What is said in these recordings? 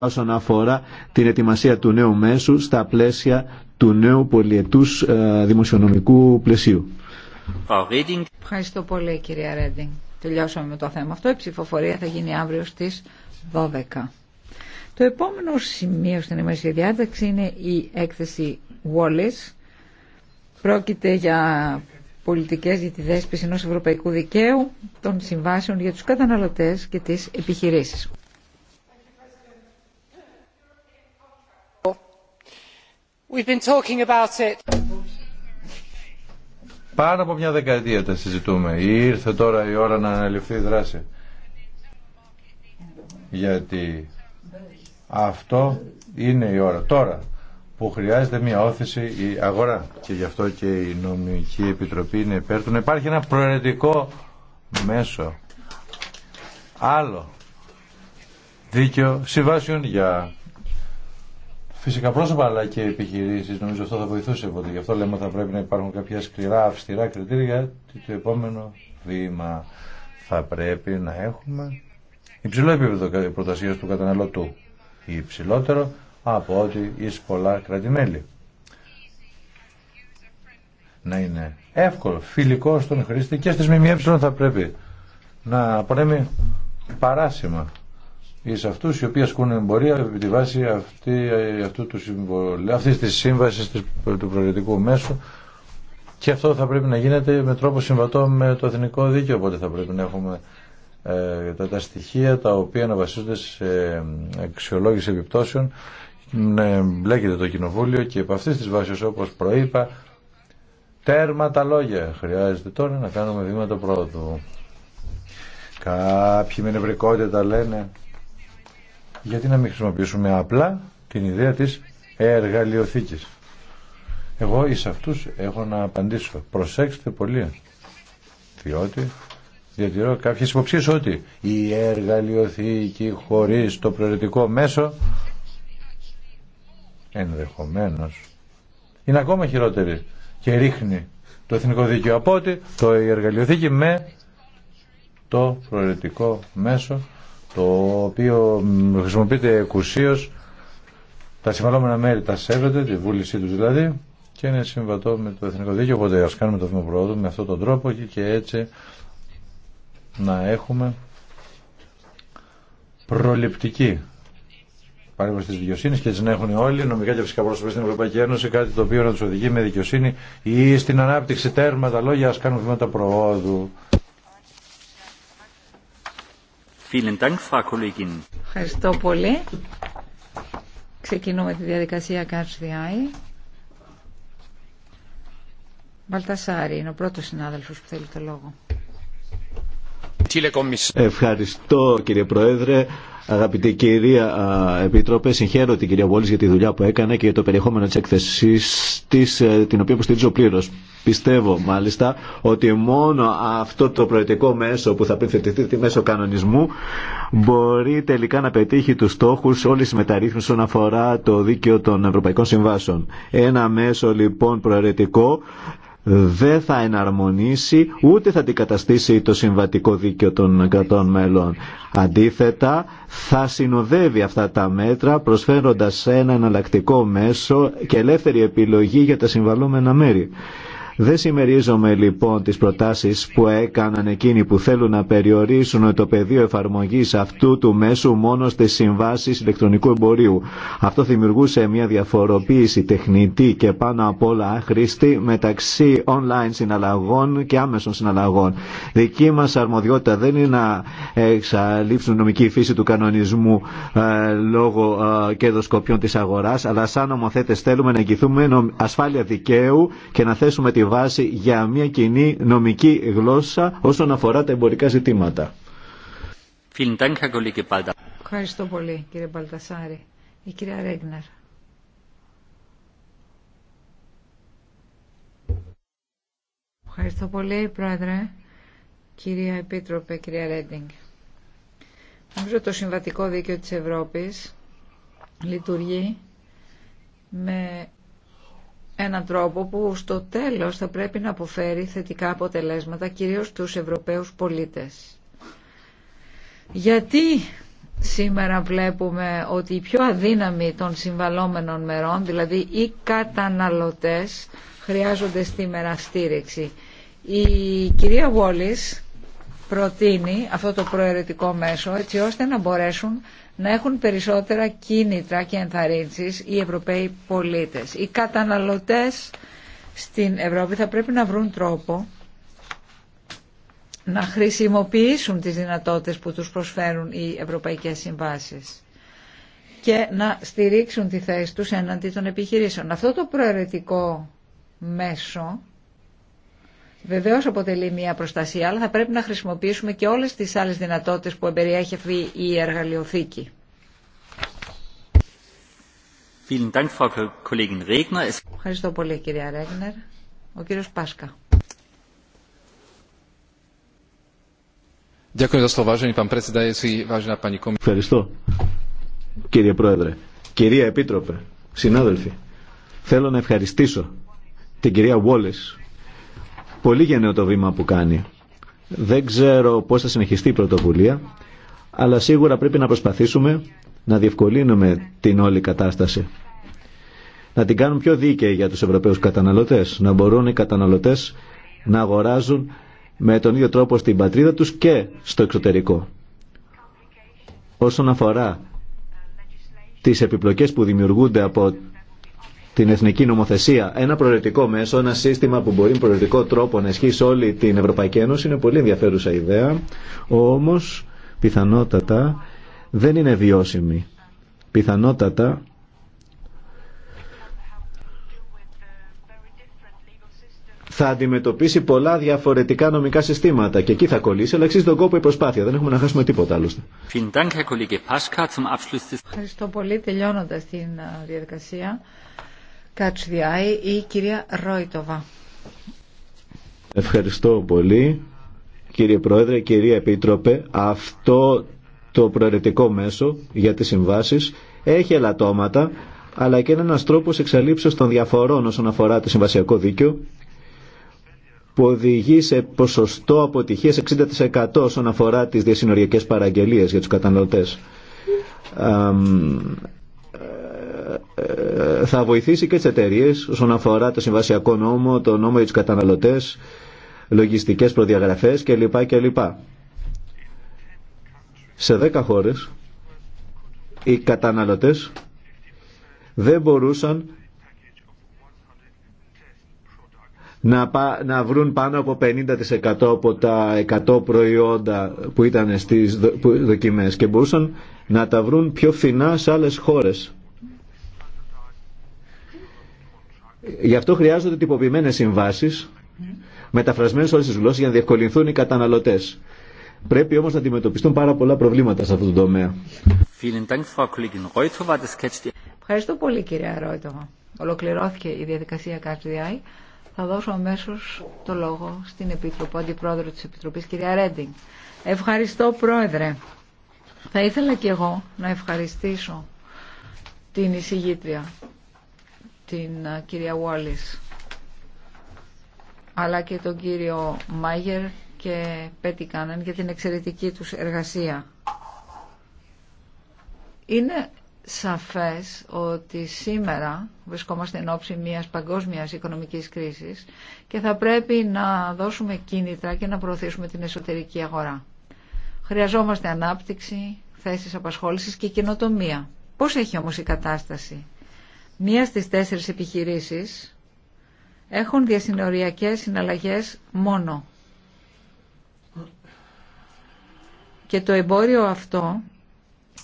όσον αφορά την ετοιμασία του νέου μέσου στα πλαίσια του νέου πολιετούς ε, δημοσιονομικού πλαισίου. Ευχαριστώ πολύ κυρία Ρέντινγκ. Τελειώσαμε με το θέμα αυτό. Η ψηφοφορία θα γίνει αύριο στις 12. Το επόμενο σημείο στην ημερήσια διάταξη είναι η έκθεση Wallis. Πρόκειται για πολιτικές για τη δέσπιση ενός ευρωπαϊκού δικαίου των συμβάσεων για τους καταναλωτές και τις επιχειρήσεις. Πάνω από μια δεκαετία τα συζητούμε. Ήρθε τώρα η ώρα να αναλυφθεί η δράση. Γιατί αυτό είναι η ώρα. Τώρα που χρειάζεται μια όθηση η αγορά. Και γι' αυτό και η νομική επιτροπή είναι υπέρ του. Υπάρχει ένα προαιρετικό μέσο. Άλλο. Δίκαιο συμβάσεων για φυσικά πρόσωπα αλλά και επιχειρήσει. Νομίζω αυτό θα βοηθούσε Γι' αυτό λέμε ότι θα πρέπει να υπάρχουν κάποια σκληρά, αυστηρά κριτήρια τι το επόμενο βήμα. Θα πρέπει να έχουμε υψηλό επίπεδο προτασία του καταναλωτού. ή Υψηλότερο από ότι εις πολλά κρατημέλη. Να είναι εύκολο, φιλικό στον χρήστη και στις ΜΜΕ θα πρέπει να απονέμει παράσημα εις αυτούς οι οποίοι ασκούν εμπορία επί τη βάση αυτή, αυτού του αυτής της σύμβασης του προαιρετικού μέσου και αυτό θα πρέπει να γίνεται με τρόπο συμβατό με το εθνικό δίκαιο οπότε θα πρέπει να έχουμε ε, τα, στοιχεία τα οποία να βασίζονται σε αξιολόγηση επιπτώσεων να μπλέκεται το κοινοβούλιο και από αυτής της βάσης όπως προείπα τέρμα τα λόγια χρειάζεται τώρα να κάνουμε βήματα πρόοδου κάποιοι με νευρικότητα λένε γιατί να μην χρησιμοποιήσουμε απλά την ιδέα της εργαλειοθήκης. Εγώ εις αυτούς έχω να απαντήσω. Προσέξτε πολύ. Διότι διατηρώ κάποιες υποψίες ότι η εργαλειοθήκη χωρίς το προαιρετικό μέσο ενδεχομένως είναι ακόμα χειρότερη και ρίχνει το εθνικό δίκαιο από ότι το η εργαλειοθήκη με το προαιρετικό μέσο το οποίο χρησιμοποιείται κουσίω τα συμβαλόμενα μέρη τα σέβεται, τη βούλησή του, δηλαδή και είναι συμβατό με το εθνικό δίκαιο οπότε α κάνουμε το βήμα προόδου με αυτόν τον τρόπο και, έτσι να έχουμε προληπτική παρέμβαση τη δικαιοσύνη και έτσι να έχουν όλοι νομικά και φυσικά πρόσωπα στην Ευρωπαϊκή Ένωση κάτι το οποίο να του οδηγεί με δικαιοσύνη ή στην ανάπτυξη τέρμα τα λόγια, α κάνουμε βήματα προόδου. Ευχαριστώ πολύ. Ξεκινούμε τη διαδικασία Catch the Eye. είναι ο πρώτος συνάδελφος που θέλει το λόγο. Ευχαριστώ κύριε Πρόεδρε. Αγαπητή κυρία Επίτροπε, συγχαίρω την κυρία Βόλη για τη δουλειά που έκανε και για το περιεχόμενο τη έκθεση τη, ε, την οποία υποστηρίζω πλήρω. Πιστεύω μάλιστα ότι μόνο αυτό το προαιρετικό μέσο που θα πενθετηθεί τη μέσω κανονισμού μπορεί τελικά να πετύχει του στόχου όλη τη μεταρρύθμιση όσον αφορά το δίκαιο των Ευρωπαϊκών Συμβάσεων. Ένα μέσο λοιπόν προαιρετικό δεν θα εναρμονίσει ούτε θα αντικαταστήσει το συμβατικό δίκαιο των κρατών μέλων. Αντίθετα, θα συνοδεύει αυτά τα μέτρα προσφέροντας ένα εναλλακτικό μέσο και ελεύθερη επιλογή για τα συμβαλόμενα μέρη. Δεν συμμερίζομαι λοιπόν τις προτάσεις που έκαναν εκείνοι που θέλουν να περιορίσουν το πεδίο εφαρμογής αυτού του μέσου μόνο στις συμβάσεις ηλεκτρονικού εμπορίου. Αυτό δημιουργούσε μια διαφοροποίηση τεχνητή και πάνω απ' όλα άχρηστη μεταξύ online συναλλαγών και άμεσων συναλλαγών. Δική μας αρμοδιότητα δεν είναι να εξαλείψουν νομική φύση του κανονισμού ε, λόγω ε, κερδοσκοπιών της αγοράς, αλλά σαν νομοθέτες θέλουμε να εγγυθούμε ασφάλεια δικαίου και να θέσουμε τη βάση για μια κοινή νομική γλώσσα όσον αφορά τα εμπορικά ζητήματα. Ευχαριστώ πολύ κύριε Μπαλτασάρη. Η κυρία Ρέγνερ. Ευχαριστώ πολύ πρόεδρε, κυρία Επίτροπε, κυρία Ρέντινγκ. Νομίζω το συμβατικό δίκαιο της Ευρώπης λειτουργεί με έναν τρόπο που στο τέλος θα πρέπει να αποφέρει θετικά αποτελέσματα κυρίως στους Ευρωπαίους πολίτες. Γιατί σήμερα βλέπουμε ότι οι πιο αδύναμοι των συμβαλόμενων μερών, δηλαδή οι καταναλωτές, χρειάζονται σήμερα στήριξη. Η κυρία Βόλης προτείνει αυτό το προαιρετικό μέσο έτσι ώστε να μπορέσουν να έχουν περισσότερα κίνητρα και ενθαρρύνσεις οι Ευρωπαίοι πολίτες. Οι καταναλωτές στην Ευρώπη θα πρέπει να βρουν τρόπο να χρησιμοποιήσουν τις δυνατότητες που τους προσφέρουν οι ευρωπαϊκές συμβάσεις και να στηρίξουν τη θέση τους έναντι των επιχειρήσεων. Αυτό το προαιρετικό μέσο Βεβαίως αποτελεί μια προστασία, αλλά θα πρέπει να χρησιμοποιήσουμε και όλες τις άλλες δυνατότητες που εμπεριέχει αυτή η εργαλειοθήκη. Ευχαριστώ πολύ κυρία Ρέγνερ. Ο κύριος Πάσκα. Ευχαριστώ κύριε Πρόεδρε. Κυρία Επίτροπε, συνάδελφοι, θέλω να ευχαριστήσω την κυρία Wallace Πολύ γενναίο το βήμα που κάνει. Δεν ξέρω πώς θα συνεχιστεί η πρωτοβουλία, αλλά σίγουρα πρέπει να προσπαθήσουμε να διευκολύνουμε την όλη κατάσταση. Να την κάνουν πιο δίκαιη για τους Ευρωπαίους καταναλωτές. Να μπορούν οι καταναλωτές να αγοράζουν με τον ίδιο τρόπο στην πατρίδα τους και στο εξωτερικό. Όσον αφορά τις επιπλοκές που δημιουργούνται από την εθνική νομοθεσία. Ένα προαιρετικό μέσο, ένα σύστημα που μπορεί με προαιρετικό τρόπο να ισχύσει όλη την Ευρωπαϊκή Ένωση είναι πολύ ενδιαφέρουσα ιδέα, όμως πιθανότατα δεν είναι βιώσιμη. Πιθανότατα θα αντιμετωπίσει πολλά διαφορετικά νομικά συστήματα και εκεί θα κολλήσει, αλλά αξίζει τον κόπο η προσπάθεια. Δεν έχουμε να χάσουμε τίποτα άλλωστε. Ευχαριστώ πολύ. Τελειώνοντα την ε, διαδικασία, Κατσδιάη ή η κυρια Ρόιτοβα. Ευχαριστώ πολύ. Κύριε Πρόεδρε, κυρία Επίτροπε, αυτό το προαιρετικό μέσο για τις συμβάσεις έχει ελαττώματα, αλλά και είναι ένας τρόπος εξαλείψεως των διαφορών όσον αφορά το συμβασιακό δίκαιο, που οδηγεί σε ποσοστό αποτυχίας 60% όσον αφορά τις διασυνοριακές παραγγελίες για τους καταναλωτές θα βοηθήσει και τι εταιρείε όσον αφορά το συμβασιακό νόμο, το νόμο για του καταναλωτέ, λογιστικέ προδιαγραφέ κλπ. κλπ. Σε 10 χώρε οι καταναλωτέ δεν μπορούσαν να, να βρουν πάνω από 50% από τα 100 προϊόντα που ήταν στις δοκιμές και μπορούσαν να τα βρουν πιο φθηνά σε άλλες χώρες. Γι' αυτό χρειάζονται τυποποιημένε συμβάσει μεταφρασμένε όλε τι γλώσσε για να διευκολυνθούν οι καταναλωτέ. Πρέπει όμω να αντιμετωπιστούν πάρα πολλά προβλήματα σε αυτό το τομέα. Ευχαριστώ πολύ κυρία Ρόιτοβα. Ολοκληρώθηκε η διαδικασία ΚΑΤΔΙ. Θα δώσω αμέσω το λόγο στην Επίτροπο, Αντιπρόεδρο τη Επιτροπή, κυρία Ρέντινγκ. Ευχαριστώ Πρόεδρε. Θα ήθελα και εγώ να ευχαριστήσω την εισηγήτρια την κυρία Wallis αλλά και τον κύριο Μάγερ και Πέτη Κάνεν για την εξαιρετική τους εργασία. Είναι σαφές ότι σήμερα βρισκόμαστε εν ώψη μιας παγκόσμιας οικονομικής κρίσης και θα πρέπει να δώσουμε κίνητρα και να προωθήσουμε την εσωτερική αγορά. Χρειαζόμαστε ανάπτυξη, θέσεις απασχόλησης και καινοτομία. Πώς έχει όμως η κατάσταση μία στις τέσσερις επιχειρήσεις έχουν διασυνοριακές συναλλαγές μόνο. Και το εμπόριο αυτό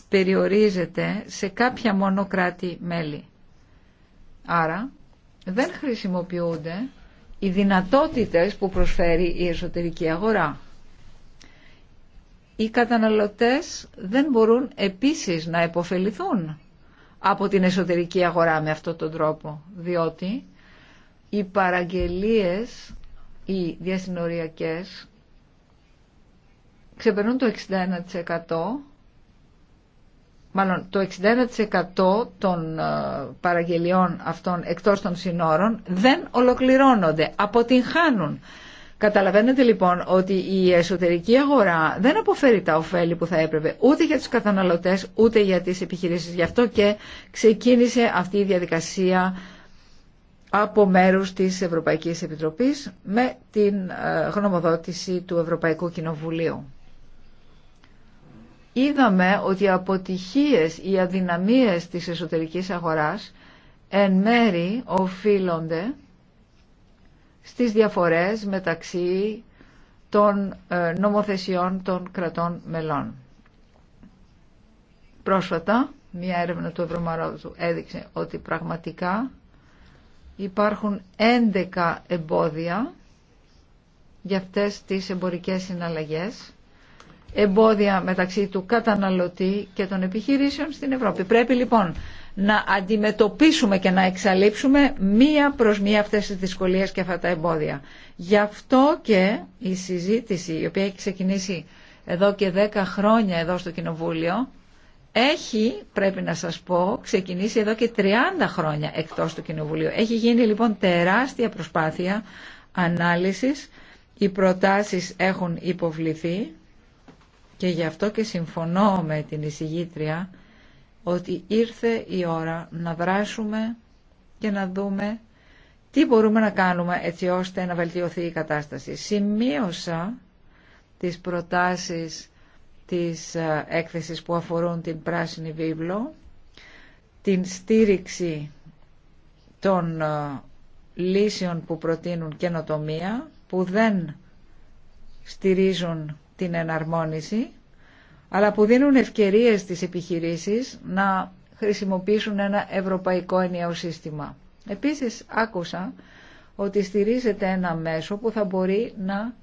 περιορίζεται σε κάποια μόνο κράτη μέλη. Άρα δεν χρησιμοποιούνται οι δυνατότητες που προσφέρει η εσωτερική αγορά. Οι καταναλωτές δεν μπορούν επίσης να επωφεληθούν από την εσωτερική αγορά με αυτόν τον τρόπο, διότι οι παραγγελίες, οι διασυνοριακές, ξεπερνούν το 61%, μάλλον το 61% των ε, παραγγελιών αυτών εκτός των συνόρων δεν ολοκληρώνονται, αποτυγχάνουν. Καταλαβαίνετε λοιπόν ότι η εσωτερική αγορά δεν αποφέρει τα ωφέλη που θα έπρεπε ούτε για τους καταναλωτές ούτε για τις επιχειρήσεις. Γι' αυτό και ξεκίνησε αυτή η διαδικασία από μέρους της Ευρωπαϊκής Επιτροπής με την ε, γνωμοδότηση του Ευρωπαϊκού Κοινοβουλίου. Είδαμε ότι οι αποτυχίες, οι αδυναμίες της εσωτερικής αγοράς εν μέρη οφείλονται στις διαφορές μεταξύ των ε, νομοθεσιών των κρατών μελών. Πρόσφατα, μια έρευνα του Ευρωμαρόδου έδειξε ότι πραγματικά υπάρχουν 11 εμπόδια για αυτές τις εμπορικές συναλλαγές εμπόδια μεταξύ του καταναλωτή και των επιχειρήσεων στην Ευρώπη. Πρέπει λοιπόν να αντιμετωπίσουμε και να εξαλείψουμε μία προς μία αυτές τις δυσκολίες και αυτά τα εμπόδια. Γι' αυτό και η συζήτηση η οποία έχει ξεκινήσει εδώ και 10 χρόνια εδώ στο Κοινοβούλιο έχει, πρέπει να σας πω, ξεκινήσει εδώ και 30 χρόνια εκτός του Κοινοβουλίου. Έχει γίνει λοιπόν τεράστια προσπάθεια ανάλυσης. Οι προτάσεις έχουν υποβληθεί και γι' αυτό και συμφωνώ με την εισηγήτρια ότι ήρθε η ώρα να δράσουμε και να δούμε τι μπορούμε να κάνουμε έτσι ώστε να βελτιωθεί η κατάσταση. Σημείωσα τις προτάσεις της ε, έκθεσης που αφορούν την πράσινη βίβλο, την στήριξη των ε, λύσεων που προτείνουν καινοτομία, που δεν στηρίζουν την εναρμόνιση αλλά που δίνουν ευκαιρίες στις επιχειρήσεις να χρησιμοποιήσουν ένα ευρωπαϊκό ενιαίο σύστημα. Επίσης άκουσα ότι στηρίζεται ένα μέσο που θα μπορεί να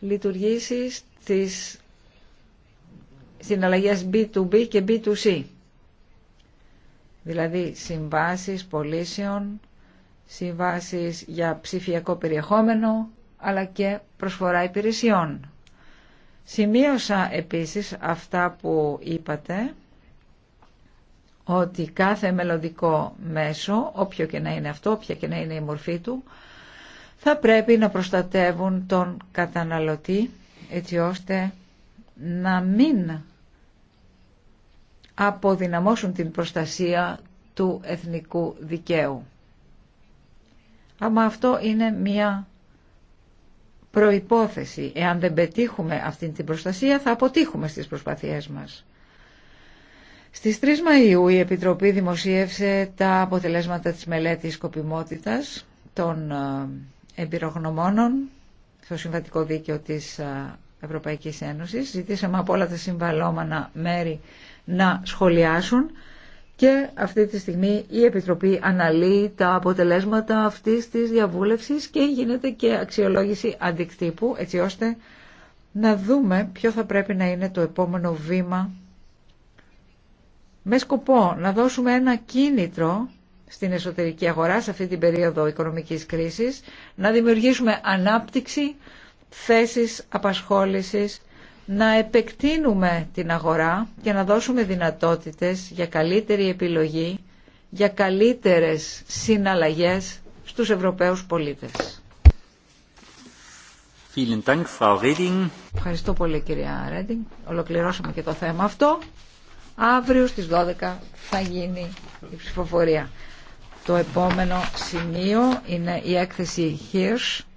λειτουργήσει στις συναλλαγές B2B και B2C. Δηλαδή συμβάσεις πωλήσεων, συμβάσεις για ψηφιακό περιεχόμενο, αλλά και προσφορά υπηρεσιών. Σημείωσα επίσης αυτά που είπατε ότι κάθε μελλοντικό μέσο, όποιο και να είναι αυτό, όποια και να είναι η μορφή του, θα πρέπει να προστατεύουν τον καταναλωτή έτσι ώστε να μην αποδυναμώσουν την προστασία του εθνικού δικαίου. Αλλά αυτό είναι μια προϋπόθεση. Εάν δεν πετύχουμε αυτή την προστασία θα αποτύχουμε στις προσπαθίες μας. Στις 3 Μαΐου η Επιτροπή δημοσίευσε τα αποτελέσματα της μελέτης σκοπιμότητας των ε, εμπειρογνωμόνων στο Συμβατικό Δίκαιο της ε, Ευρωπαϊκής Ένωσης. Ζητήσαμε από όλα τα συμβαλώμανα μέρη να σχολιάσουν και αυτή τη στιγμή η Επιτροπή αναλύει τα αποτελέσματα αυτής της διαβούλευσης και γίνεται και αξιολόγηση αντικτύπου έτσι ώστε να δούμε ποιο θα πρέπει να είναι το επόμενο βήμα με σκοπό να δώσουμε ένα κίνητρο στην εσωτερική αγορά σε αυτή την περίοδο οικονομικής κρίσης, να δημιουργήσουμε ανάπτυξη, θέσεις απασχόλησης να επεκτείνουμε την αγορά και να δώσουμε δυνατότητες για καλύτερη επιλογή, για καλύτερες συναλλαγές στους Ευρωπαίους πολίτες. Ευχαριστώ πολύ κυρία Ρέντινγκ. Ολοκληρώσαμε και το θέμα αυτό. Αύριο στις 12 θα γίνει η ψηφοφορία. Το επόμενο σημείο είναι η έκθεση Hirsch.